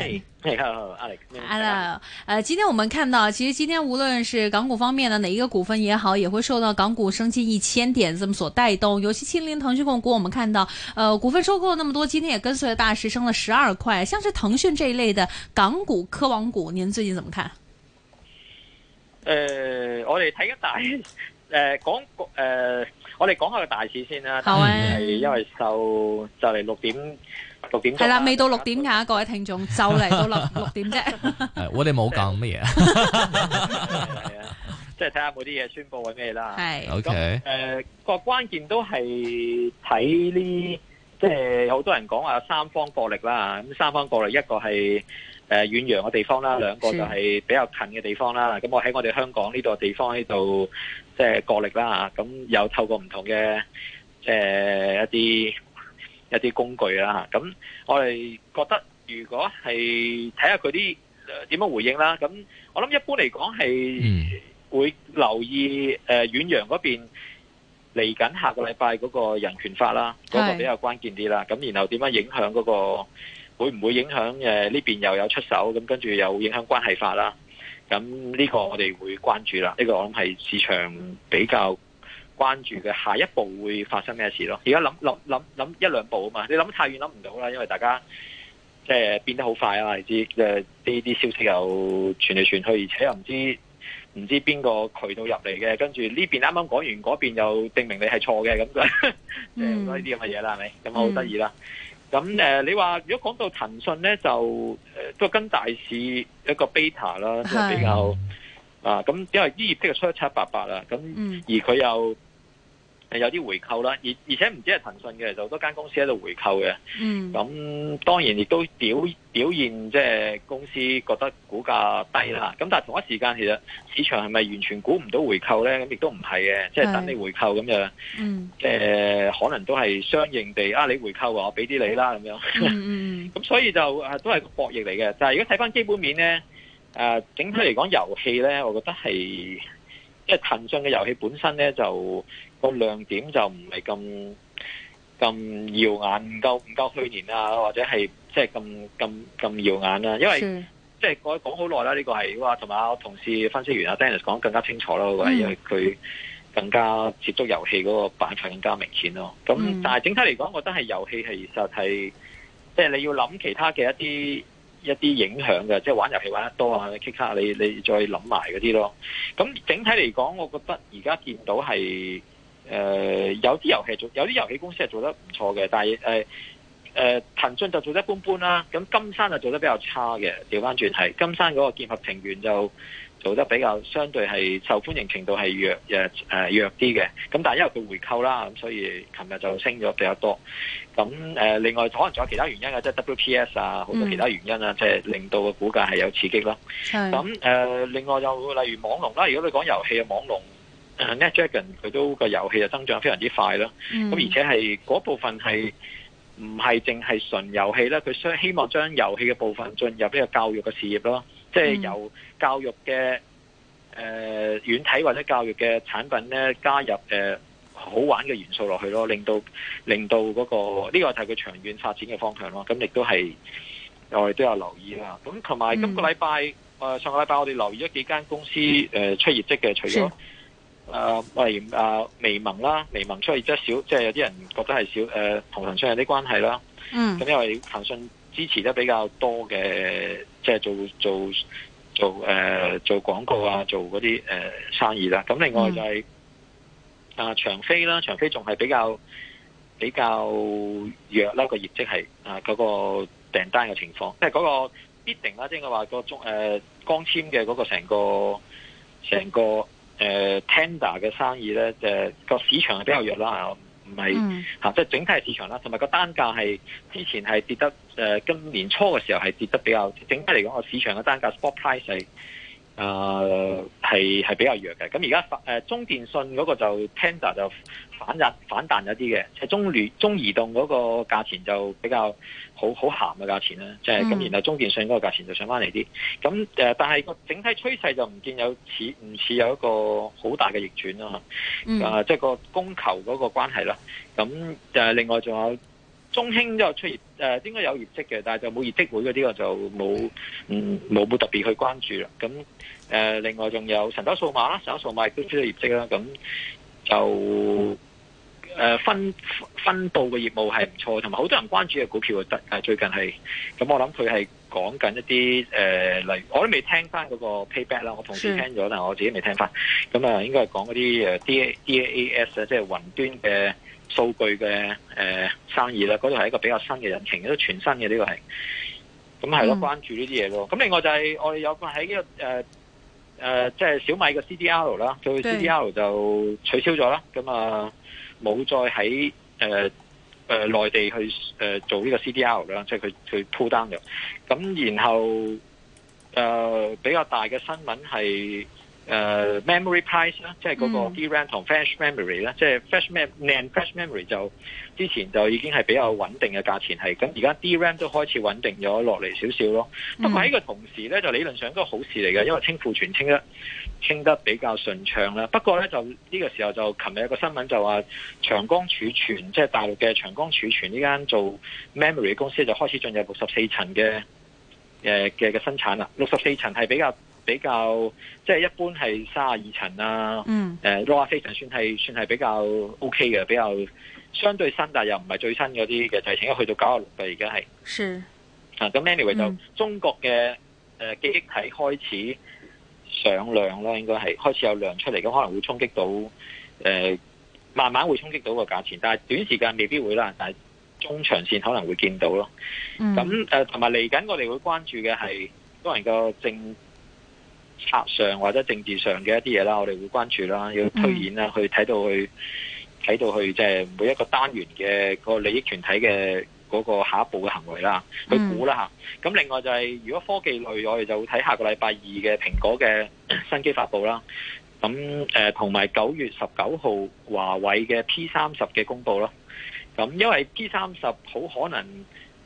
哎，你好、hey,，Alex。hello 呃、uh, 今天我們看到，其實今天無論是港股方面的哪一個股份也好，也會受到港股升近一千點，這麼所帶動。尤其親臨騰訊控股，我們看到，呃，股份收購了那麼多，今天也跟隨着大市升了十二塊。像是騰訊這一類的港股科網股，您最近怎麼看？呃，我哋睇下大，呃，講呃我哋講一下個大市先啦，好啊，因為受就嚟六點。係啦，未到六點噶，各位聽眾就嚟到六六點啫。我哋冇講乜嘢啊，即係睇下冇啲嘢宣布緊咩啦。係，咁誒個關鍵都係睇呢，即係好多人講話有三方角力啦。咁三方角力，一個係誒遠洋嘅地方啦，兩個就係比較近嘅地方啦。咁我喺我哋香港呢度地方呢度，即係角力啦。咁又透過唔同嘅，即一啲。一啲工具啦，咁我哋覺得如果係睇下佢啲點樣回應啦，咁我諗一般嚟講，係會留意誒遠、呃、洋嗰邊嚟緊下個禮拜嗰個人權法啦，嗰、嗰個比較關鍵啲啦。咁是的 然後點樣影響嗰、嗰個會唔會影響誒呢邊又有出手？咁跟住又影響關係法啦。咁呢個我哋會關注啦。呢、呢個我諗係市場比較。關注嘅下一步會發生咩事咯？而家諗諗諗諗一兩步啊嘛，你諗太遠諗唔到啦，因為大家即係、呃、變得好快啊嘛，你知即係呢啲消息又傳嚟傳去，而且又唔知唔知邊個渠道入嚟嘅，跟住呢邊啱啱講完，嗰邊又證明你係錯嘅咁就是，即係、嗯，好多呢啲咁嘅嘢啦，係咪、嗯？咁好得意啦。咁誒、嗯嗯呃，你話如果講到騰訊咧，就誒、呃、都跟大市一個 beta 啦，即係比較是的啊。咁因為啲業績就出得七七八八啦，咁、嗯、而佢又。有啲回購啦，而而且唔止係騰訊嘅，就好多間公司喺度回購嘅。嗯，咁當然亦都表表現即係、就是、公司覺得股價低啦。咁但係同一時間，其實市場係咪完全估唔到回購呢？咁亦都唔係嘅，即、就、係、是、等你回購咁是 樣。嗯、呃，可能都係相應地啊，你回購我俾啲你啦咁樣。咁、 嗯嗯、所以就、啊、都係博弈嚟嘅。但係如果睇翻基本面呢，誒、啊、整體嚟講遊戲呢，我覺得係。即係騰訊嘅遊戲本身咧，就、嗰個亮點就唔係咁咁耀眼，唔夠唔夠去年啊，或者係即係咁咁咁耀眼啦、啊。因為是即係我講好耐啦，呢、呢個係哇，同埋我同事分析員阿 Dennis、mm. 講得更加清楚咯，因為佢更加接觸遊戲嗰個版塊更加明顯咯。咁、mm. 但係整體嚟講，我覺得係遊戲其實係即係你要諗其他嘅一啲。一啲影響嘅，即係玩遊戲玩得多啊！K 卡，你你再諗埋嗰啲咯。咁整體嚟講，我覺得而家見到係誒、呃、有啲遊戲做，有啲遊戲公司係做得唔錯嘅。但係誒誒騰訊就做得一般般啦。咁金山就做得比較差嘅。調翻轉係金山嗰個劍俠情緣就。做得比較相對係受歡迎程度係弱、呃、弱啲嘅，咁但係因為佢回購啦，咁所以琴日就升咗比較多。咁、呃、另外可能仲有其他原因嘅，即係 WPS 啊，好多其他原因啊，即係、嗯、令到個股價係有刺激咯。咁是、呃、另外就例如網龍啦，如果你講遊戲嘅網龍、嗯、NetDragon 佢都個遊戲就增長非常之快啦。咁、嗯、而且係嗰部分係唔係淨係純遊戲咧？佢希希望將遊戲嘅部分進入呢個教育嘅事業咯。即係由教育嘅誒軟體或者教育嘅產品咧，加入誒、呃、好玩嘅元素落去咯，令到令到嗰、那個呢，這個就係佢長遠發展嘅方向咯。咁亦都係我哋都有留意啦。咁同埋今個禮拜誒上個禮拜我哋留意咗幾間公司誒出業績嘅，除咗誒我哋阿微盟啦，微盟出業績少，即係有啲人覺得係少誒同騰訊出有啲關係啦。嗯，咁因為騰訊支持得比較多嘅。即係做做做誒、呃、做廣告啊，做嗰啲誒生意啦，啊。咁另外就係、是嗯、啊長飛啦，長飛仲、啊、係比較比較弱啦，啊。就是啊那個業績係啊嗰、就是那個訂單嘅情況，即係嗰個必定啦，即係話個中誒光纖嘅嗰個成個成個誒 tender 嘅生意咧，誒、就是、個市場係比較弱啦，啊。唔係吓，即係、就是、整體市場啦，同埋個單價係之前係跌得誒、呃，今年初嘅時候係跌得比較。整體嚟講，個市場嘅單價 spot price 係係係比較弱嘅。咁而家發誒中電信嗰個就 Tender 就。反日反彈咗啲嘅，即係中聯、中移動嗰個價錢就比較好好鹹嘅價錢啦，即係咁。嗯、然後中電信嗰個價錢就上翻嚟啲，咁、呃、但係個整體趨勢就唔見有似唔似有一個好大嘅逆轉啦，嗯、啊，即、就、係、是、個供求嗰個關係啦。咁、呃、另外仲有中興都有出業誒、呃，應該有業績嘅，但係就冇業績會嗰啲我就冇唔冇冇特別去關注啦。咁、呃、另外仲有神州數碼啦，神州數碼都出咗業績啦，咁就。誒，分分佈嘅業務係唔錯，同埋好多人關注嘅股票得。最近係咁、呃，我諗佢係講緊一啲誒，例如我都未聽翻嗰個 Payback 啦。我同事聽咗，但我自己未聽翻。咁啊，應該係講嗰啲 D A D A S 即係雲端嘅數據嘅誒、呃、生意啦。嗰度係一個比較新嘅引擎，都全新嘅呢、呢個係。咁係咯，關注呢啲嘢咯。咁另外就係我哋有、個喺呢個誒。呃誒，即係、呃就是、小米嘅 CDR 啦，佢 CDR 就取消咗啦，咁啊冇再喺誒誒內地去誒、呃、做呢個 CDR 啦，即係佢佢 pull down 咗。咁然後誒、呃、比較大嘅新聞係。誒、uh, memory price 啦、嗯，即係嗰個 DRAM 同 flash memory 啦，即係 flash mem flash memory 就之前就已經係比較穩定嘅價錢係，咁而家 DRAM 都開始穩定咗落嚟少少咯。不過喺個同時咧，就理論上都好事嚟嘅，因為清庫存清得清得比較順暢啦。不過咧就呢個時候就琴日有個新聞就話長江儲存，即、就、係、是、大陸嘅長江儲存呢間做 memory 公司就開始進入六十四層嘅誒嘅嘅生產啦。六十四層係比較。比較即係一般係三十二層啊，誒、嗯，羅亞、呃、算係算是比較 O K 嘅，比較相對新，但又唔係最新啲嘅，就是、去到九十六嘅，而家係是咁 anyway、啊、就是嗯、中國嘅誒、呃、記憶體開始上量啦，應該係開始有量出嚟，咁可能會衝擊到、呃、慢慢會衝擊到個價錢，但係短時間未必會啦，但係中長線可能會見到咯。咁誒同埋嚟緊我哋會關注嘅係個正。策上或者政治上嘅一啲嘢啦，我哋會關注啦，要推演啦，嗯、去睇到去睇到去即係每一個單元嘅個利益團體嘅嗰個下一步嘅行為啦，去估啦吓。咁、嗯、另外就係、是、如果科技類，我哋就會睇下個禮拜二嘅蘋果嘅新機發布啦。咁誒，同埋九月十九號華為嘅 P 三十嘅公布咯。咁因為 P 三十好可能。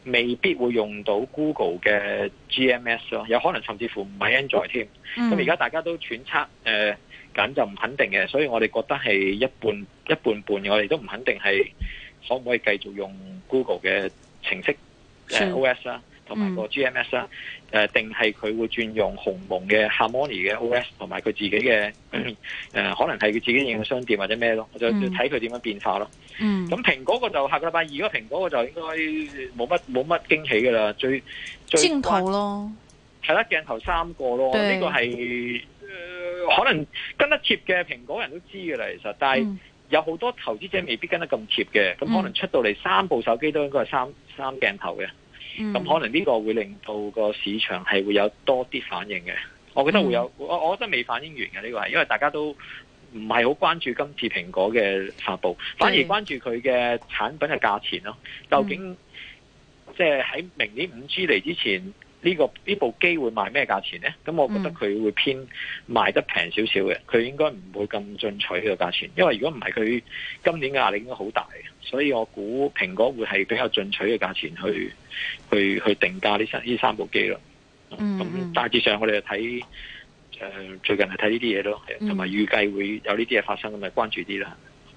未必會用到 Google 嘅 GMS 咯，有可能甚至乎唔係 Android 添、嗯。咁而家大家都揣測，誒、呃、咁就唔肯定嘅，所以我哋覺得係一半一半半嘅，我哋都唔肯定係可唔可以繼續用 Google 嘅程式、呃、OS 啦。同埋個 GMS 啦、啊，誒、嗯呃、定係佢會轉用鴻蒙嘅 Harmony 嘅 OS，同埋佢自己嘅誒、呃，可能係佢自己應用商店或者咩咯，我、嗯、就睇佢點樣變化咯。嗯，咁蘋果個就下個禮拜二，個蘋果個就應該冇乜冇乜驚喜噶啦，最最鏡頭咯，係啦，鏡頭三個咯，呢對 個係、呃、可能跟得貼嘅蘋果人都知噶啦，其實，但係有好多投資者未必跟得咁貼嘅，咁、嗯、可能出到嚟三部手機都應該係三三鏡頭嘅。咁、嗯、可能呢個會令到個市場係會有多啲反應嘅，我覺得會有，我、嗯、我覺得未反應完嘅呢個係，因為大家都唔係好關注今次蘋果嘅發布，反而關注佢嘅產品嘅價錢咯。究竟即係喺明年五 G 嚟之前，這個，呢個呢部機會賣咩價錢呢？咁我覺得佢會偏賣得平少少嘅，佢應該唔會咁進取呢個價錢，因為如果唔係佢今年嘅壓力應該好大。所以我估蘋果會係比較進取嘅價錢去去去定價呢三呢三部機咯。咁、嗯、大致上我哋就睇誒、呃、最近係睇呢啲嘢咯，同埋、嗯、預計會有呢啲嘢發生，咁咪關注啲啦。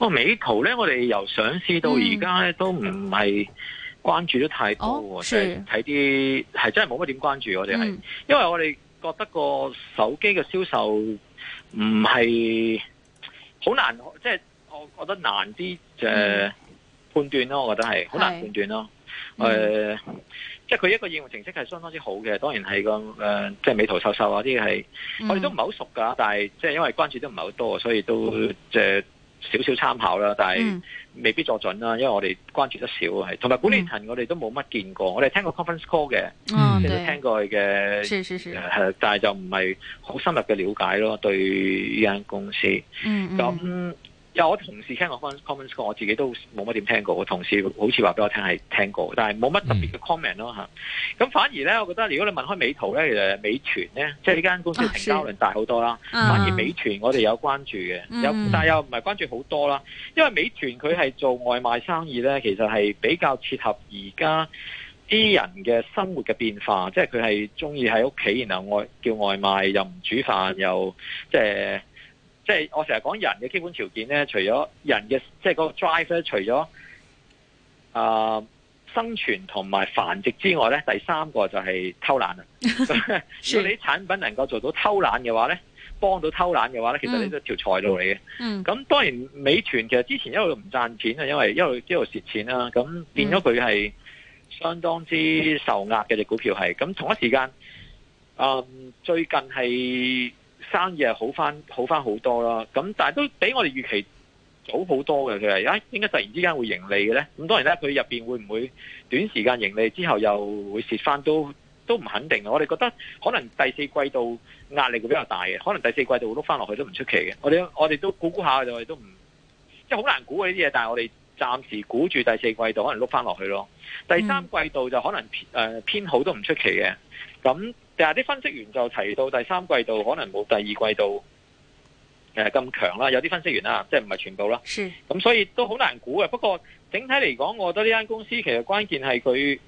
個美圖咧，我哋由上市到而家咧，嗯、都唔係關注得太多，即係睇啲係真係冇乜點關注我。我哋係，因為我哋覺得個手機嘅銷售唔係好難，即係我我覺得難啲係判斷咯。我覺得係好、嗯、難判斷咯。誒是，即係佢一個應用程式係相當之好嘅，當然係個誒，即、呃、係、就是、美圖秀秀啊啲係，嗯、我哋都唔係好熟噶，但係即係因為關注都唔係好多，所以都即係。嗯少少參考啦，但係未必作準啦，嗯、因為我哋關注得少係，同埋管理層我哋都冇乜見過。嗯、我哋聽過 conference call 嘅，即聽、嗯、聽過佢嘅，嗯、但係就唔係好深入嘅了解咯，對呢間公司。咁、嗯嗯有我同事聽過 comments 我自己都冇乜點聽過。我同事好似話俾我聽係聽過，但係冇乜特別嘅 comment 咯嚇。咁、嗯、反而咧，我覺得如果你問開美圖咧，其實美團咧，即係呢間公司成交量大好多啦。啊啊、反而美團我哋有關注嘅，嗯、有但係又唔係關注好多啦。因為美團佢係做外賣生意咧，其實係比較切合而家啲人嘅生活嘅變化，即係佢係中意喺屋企，然後外叫外賣，又唔煮飯，又即係。即係我成日講人嘅基本條件咧，除咗人嘅即係個 drive 咧，除咗啊、呃、生存同埋繁殖之外咧，第三個就係偷懶啦。 是 如果你產品能夠做到偷懶嘅話咧，幫到偷懶嘅話咧，其實你都係條財路嚟嘅。嗯，咁當然美團其實之前一路唔賺錢啊，因為一路一路蝕錢啦、啊。咁變咗佢係相當之受壓嘅隻股票係。咁同一時間，嗯，最近係。生意好翻好翻好多啦。咁但係都比我哋預期早好多嘅。佢而家應該突然之間會盈利嘅咧？咁當然咧，佢入面會唔會短時間盈利之後又會蝕翻都都唔肯定。我哋覺得可能第四季度壓力會比較大嘅，可能第四季度會碌翻落去都唔出奇嘅。我哋我哋都估估下就我哋都唔即係好難估呢啲嘢，但係我哋暫時估住第四季度可能碌翻落去咯。第三季度就可能、呃、偏好都唔出奇嘅，咁。啊！啲分析員就提到第三季度可能冇第二季度誒咁強啦，有啲分析員啊，即係唔係全部啦。咁是，所以都好難估嘅。不過整體嚟講，我覺得呢間公司其實關鍵係佢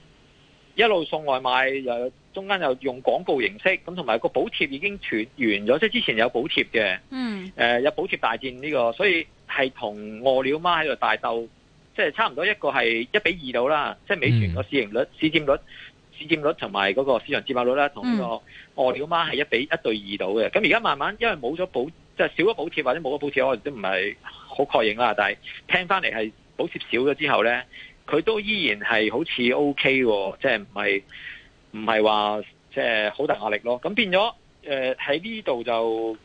一路送外賣，又中間又用廣告形式，咁同埋個補貼已經斷完咗，即係之前有補貼嘅。嗯。誒、呃，有補貼大戰呢、這個，所以係同餓了麼喺度大鬥，即係差唔多一個係一比二度啦，即係美團個市盈率、市佔、嗯、率。佔率同埋嗰個市場佔有率咧，同呢個餓了麼係一比一對二到嘅。咁而家慢慢因為冇咗補，即係少咗補貼或者冇咗補貼，我哋都唔係好確認啦。但係聽翻嚟係補貼少咗之後咧，佢都依然係好似 OK 喎，即係唔係唔係話即係好大壓力咯。咁變咗誒喺呢度就誒、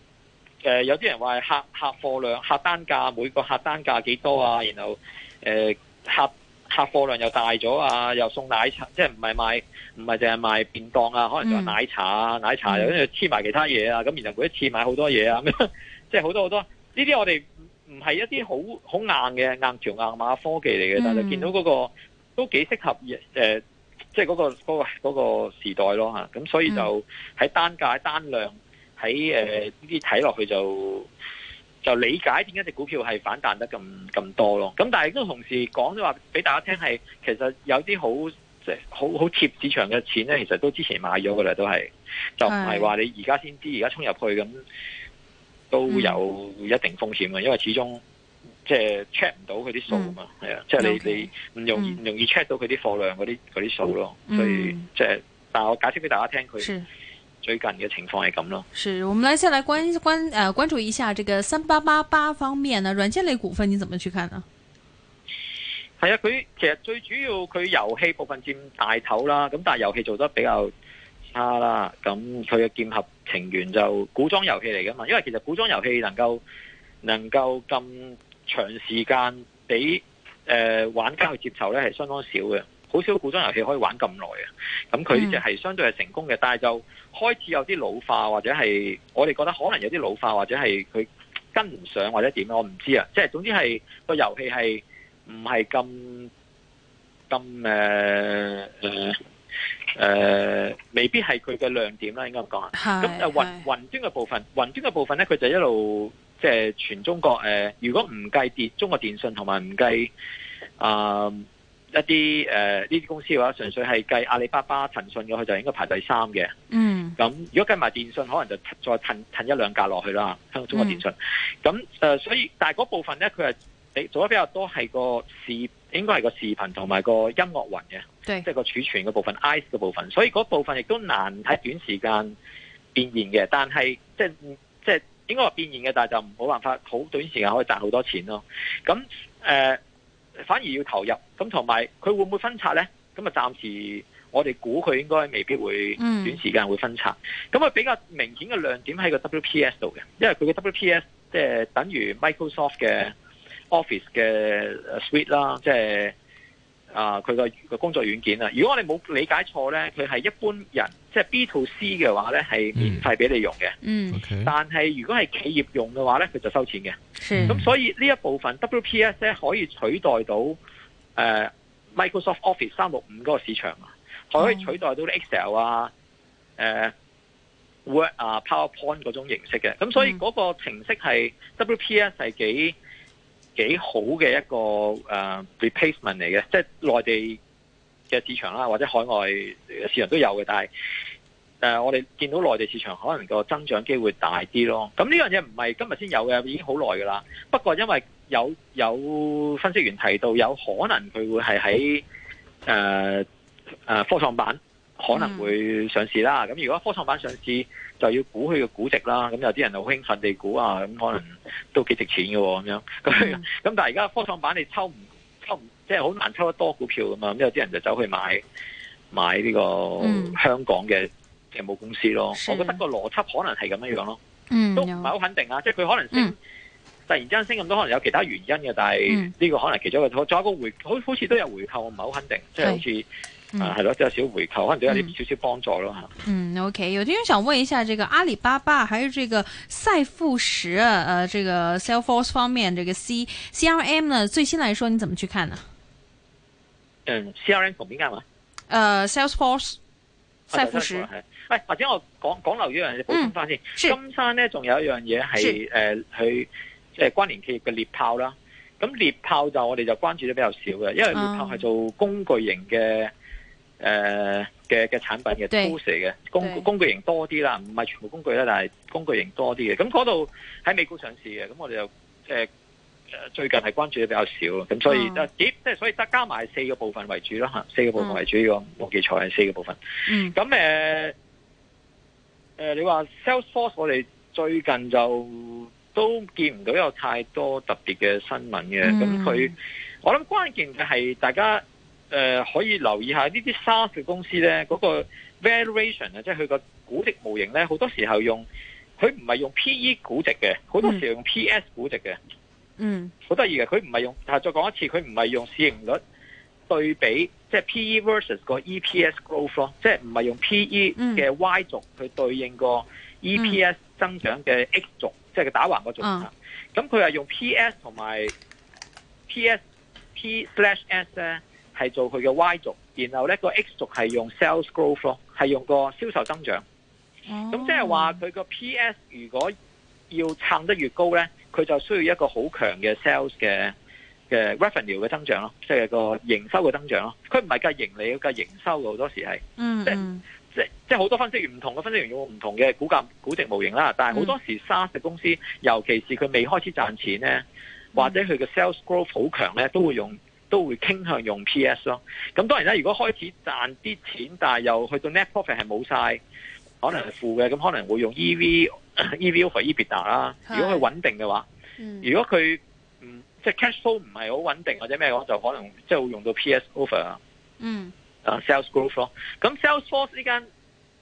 呃、有啲人話係客客貨量、客單價，每個客單價幾多啊？然後誒、呃、客。客貨量又大咗啊！又送奶茶，即係唔係賣唔係淨係賣便當啊？可能就係奶茶啊，嗯、奶茶又跟住黐埋其他嘢啊，咁然後每一次買好多嘢啊，咁 即係好多好多呢啲，我哋唔係一啲好好硬嘅硬橋硬馬科技嚟嘅，嗯、但係見到嗰、嗰個都幾適合、呃、即係、嗰、嗰個嗰、嗰個嗰個時代咯，咁所以就喺單價、嗯、單量喺誒呢啲睇落去就。就理解點解隻股票係反彈得咁咁多咯，咁但係都同時講咗話俾大家聽係其實有啲好即係好好貼市場嘅錢咧，其實都之前買咗嘅咧，都係就唔係話你而家先知，而家衝入去咁都有一定風險嘅，因為始終即係 check 唔到佢啲數啊嘛，係啊，即係你你唔容易唔、嗯、容易 check 到佢啲貨量嗰啲嗰啲數咯，所以即係、嗯就係、但我解釋俾大家聽佢。它最近嘅情況係咁咯。是，我們來先來關關誒、呃、關注一下這個三八八八方面呢，軟件類股份，你怎麼去看呢？係啊，佢其實最主要佢遊戲部分佔大頭啦，咁但係遊戲做得比較差啦。咁佢嘅劍俠情緣就古裝遊戲嚟嘅嘛，因為其實古裝遊戲能夠能夠咁長時間俾誒玩家去接受咧，係相當少嘅。好少古裝遊戲可以玩咁耐啊。咁佢就係相對係成功嘅，但係就開始有啲老化，或者係我哋覺得可能有啲老化，或者係佢跟唔上或者點，我唔知啊！即係總之係個遊戲係唔係咁，咁誒誒誒，未必係佢嘅亮點啦，應該咁講啊。咁誒，雲雲端嘅部分，雲端嘅部分咧，佢就一路即係全中國誒，如果唔計電中國電信同埋唔計啊。一啲誒呢啲公司嘅話，純粹係計阿里巴巴、騰訊嘅，佢就應該排第三嘅。嗯，咁、嗯、如果計埋電信，可能就再褪褪一兩格落去啦。香港中國電信。咁誒、嗯嗯，所以但係嗰部分咧，佢係你做得比較多係個視，應該係個視頻同埋個音樂雲嘅，對即係個儲存嘅部分、i c e 嘅部分。所以嗰部分亦都難喺短時間變現嘅，但係即即係應該話變現嘅，但係就冇辦法好短時間可以賺好多錢咯。咁、嗯呃反而要投入，咁同埋佢會唔會分拆咧？咁啊，暫時我哋估佢應該未必會短時間會分拆。咁啊，比較明顯嘅亮點喺個 WPS 度嘅，因為佢嘅 WPS 即係等於 Microsoft 嘅 Office 嘅 Suite 啦，就是，即係。啊！佢個、呃、工作軟件啊，如果我哋冇理解錯咧，佢係一般人即係 B to C 嘅話咧，係免費俾你用嘅。嗯，但係如果係企業用嘅話咧，佢就收錢嘅。咁、嗯、所以呢一部分 WPS 咧可以取代到 Microsoft Office 三六五嗰個市場啊，可以取代到、呃嗯、到 Excel 啊、呃、Word 啊、PowerPoint 嗰種形式嘅。咁所以嗰個程式係 WPS 係幾幾好嘅一個誒 replacement 嚟嘅，即係內地嘅市場啦，或者海外市場都有嘅，但係誒我哋見到內地市場可能個增長機會大啲咯。咁呢樣嘢唔係今日先有嘅，已經好耐噶啦。不過因為有有分析員提到，有可能佢會係喺誒誒科創板。可能會上市啦，咁如果科創板上市就要估佢嘅估值啦，咁有啲人好興奮地估啊，咁可能都幾值錢嘅咁樣，咁但係而家科創板你抽唔抽唔，即係好難抽得多股票㗎嘛，咁有啲人就走去買買呢個香港嘅業務公司咯。的我覺得個邏輯可能係咁樣樣咯，都唔係好肯定啊，即係佢可能升、嗯、突然之間升咁多，可能有其他原因嘅，但係呢個可能其中一個，再一個回好好似都有回購，唔係好肯定，即係好似。嗯、啊，係咯，即少少回購可能都有啲少少幫助咯吓。嗯，嗯，OK，有啲人想問一下，這個阿里巴巴，還有這個賽富時，誒、呃，這個 Salesforce 方面，這個 C C R M 呢？最新來說，你怎麼去看呢？嗯，C R M 同邊間嘛？誒、呃、Salesforce，賽、啊、富時喂，或者、哎啊、我講講漏一樣嘢補充翻先。是的金山呢，仲有一樣嘢係誒去即係關聯企業嘅獵豹啦。咁獵豹就我哋就關注得比較少嘅，因為獵豹係做工具型嘅。嗯誒嘅嘅產品嘅 tool 嚟嘅工，對工具型多啲啦，唔係全部工具啦，但係工具型多啲嘅。咁嗰度喺美股上市嘅，咁我哋就誒誒、呃、最近係關注得比較少咯。咁所以即係、嗯、所以得加埋四個部分為主咯吓，四個部分為主呢、嗯、個我記錯係四個部分。咁誒誒，你話 Salesforce 我哋最近就都見唔到有太多特別嘅新聞嘅。咁佢、嗯、我諗關鍵就係大家。誒、呃，可以留意下呢啲沙士公司咧，嗰、那個 valuation 啊，即係佢個估值模型咧，好多時候用佢唔係用 P E 估值嘅，好多時候用 P S 估值嘅。嗯，好得意嘅，佢唔係用，但係再講一次，佢唔係用市盈率對比，即係 P E versus 個 E P S growth 咯，即係唔係用 P E 嘅 Y 軸去對應個 E P S 增長嘅 X 軸，嗯、即係佢打橫個軸啊，咁佢係用 PS PS, P S 同埋 P S P slash S 咧。係做佢嘅 Y 軸，然後咧、那個 X 軸係用 sales growth 咯，係用個銷售增長。咁即係話佢個 PS 如果要撐得越高咧，佢就需要一個好強嘅 sales 嘅嘅 revenue 嘅增長咯，即、就、係、是、個營收嘅增長咯。佢唔係計盈利，計營收嘅好多時係。嗯、mm hmm.，即即即好多分析員唔同嘅分析員用唔同嘅股價估值模型啦，但係好多時 SaaS 公司，mm hmm. 尤其是佢未開始賺錢咧，或者佢嘅 sales growth 好強咧，都會用。都會傾向用 PS 咯，咁當然啦。如果開始賺啲錢，但係又去到 net profit 係冇晒，可能係負嘅，咁可能會用 EV、EV over EBITDA 啦。如果佢穩定嘅話，如果佢嗯即係 cash flow 唔係好穩定或者咩嘅話，就可能即係會用到 PS over。嗯，啊 sales growth 咯，咁 Salesforce 呢間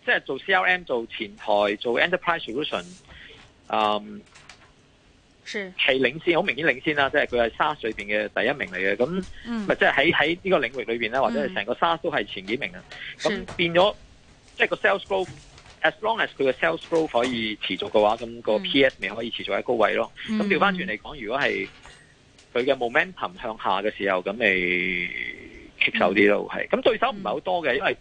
即係做 CRM、做前台、做 enterprise solution，嗯。係是領先，好明顯領先啦，即係佢係 SaaS 裏邊嘅第一名嚟嘅，咁咪即係喺喺呢個領域裏邊咧，或者係成個 SaaS、嗯、都係前幾名啊。咁是變咗，即、就、係、是、個 sales growth as long as 佢嘅 sales growth 可以持續嘅話，咁、那個 PS 咪、嗯、可以持續喺高位咯。咁調翻轉嚟講，如果係佢嘅 momentum 向下嘅時候，咁咪棘手啲咯，係、嗯。咁對手唔係好多嘅，因為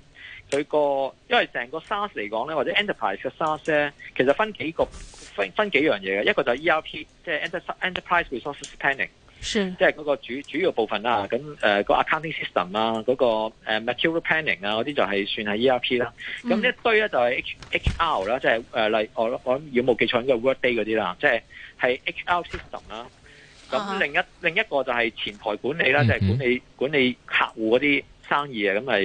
佢個因為成個 SaaS 嚟講咧，或者 enterprise 嘅 SaaS 咧，其實分幾個。分分幾樣嘢嘅，一個就係 ERP，是即係 enterprise resources planning，即係嗰個主主要部分啦。咁誒、呃 acc 啊那個 accounting system 啦，嗰、呃、個 material planning 啊，嗰啲就係算係 ERP 啦。咁、嗯、一堆咧就係 H, H, H R 啦，即係誒例我我有冇記錯應該 workday 嗰啲啦，即係係 H R system 啦。咁、uh huh. 另一另一個就係前台管理啦，即係、嗯嗯、管理管理客戶嗰啲生意嘅，咁咪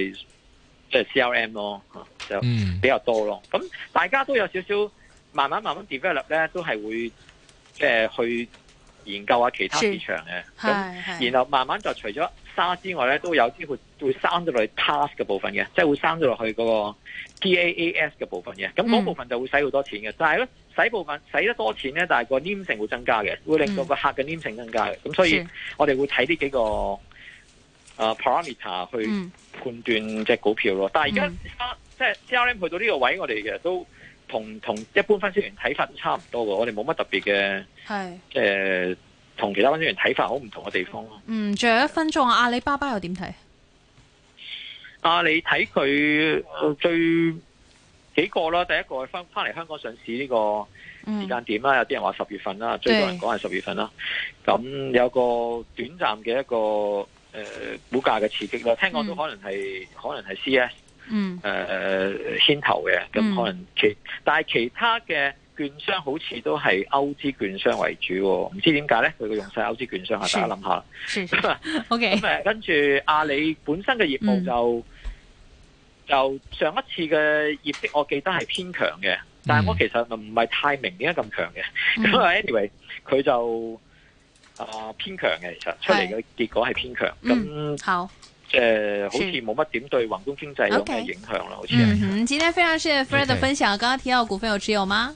即係 C R M 咯，就比較多咯。咁、嗯、大家都有少少。慢慢慢慢 develop 咧，都係會即係、呃、去研究下其他市場嘅。咁然後慢慢就除咗沙之外咧，都有啲會會生咗落去 pas 嘅部分嘅，即、就、係、是、會生咗落去嗰個 g A A S 嘅部分嘅。咁嗰部分就會使好多錢嘅、嗯。但係咧使部分使得多錢咧，但係個黏性會增加嘅，會令到個客嘅黏性增加嘅。咁、嗯、所以我哋會睇呢幾個 parameter、呃、是去判斷隻股票咯。嗯、但係而家即係 C R M 去到呢個位，我哋其實都。同同一般分析員睇法都差唔多嘅，我哋冇乜特別嘅，即係同其他分析員睇法好唔同嘅地方咯。嗯，仲有一分鐘，阿里巴巴又點睇？啊，你睇佢最幾個啦，第一個係翻翻嚟香港上市呢個時間點啦，嗯、有啲人話十月份啦，最多對人講係十月份啦。咁有個短暫嘅一個誒股、呃、價嘅刺激啦，聽講都可能係、嗯、可能係 C S。嗯，誒、呃，牽頭嘅，咁可能其，嗯、但係其他嘅券商好似都係歐資券商為主，唔知點解咧？佢會用晒歐資券商啊，大家諗下。啦 O K。咁誒，跟住阿里本身嘅業務就、嗯、就上一次嘅業績，我記得係偏強嘅，嗯、但係我其實唔係太明點解咁強嘅。咁啊、嗯、，anyway，佢就啊、呃、偏強嘅，其實出嚟嘅結果係偏強。咁是那、嗯、好。誒、呃，好似冇乜點對宏觀經濟有咩影響咯，Okay. 好似嗯哼，今天非常謝謝 Fred 的分享，Okay. 剛剛提到股份有持有嗎？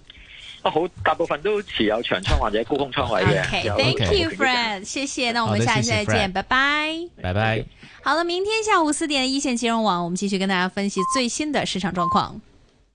啊、哦，好，大部分都持有長倉或者沽空倉位嘅。Thank you，Fred，謝謝。那我們下一次再見，哦、謝謝拜拜。拜拜。好了，明天下午四點一綫金融網，我們繼續跟大家分析最新的市場狀況。